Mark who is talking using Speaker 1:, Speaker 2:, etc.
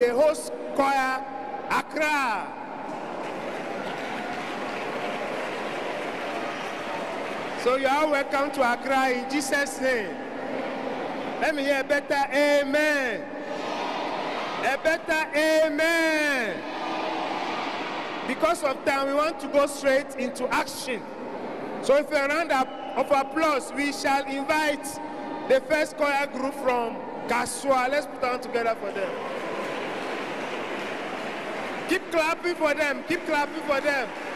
Speaker 1: the host choir, Accra. So you are welcome to Accra in Jesus' name. Let me hear a better amen. A better amen. Because of time, we want to go straight into action. So if a round of applause, we shall invite the first choir group from Kasua. Let's put on together for them. Keep clapping for them. Keep clapping for them.